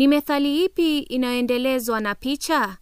Ni methali ipi inayoendelezwa na picha?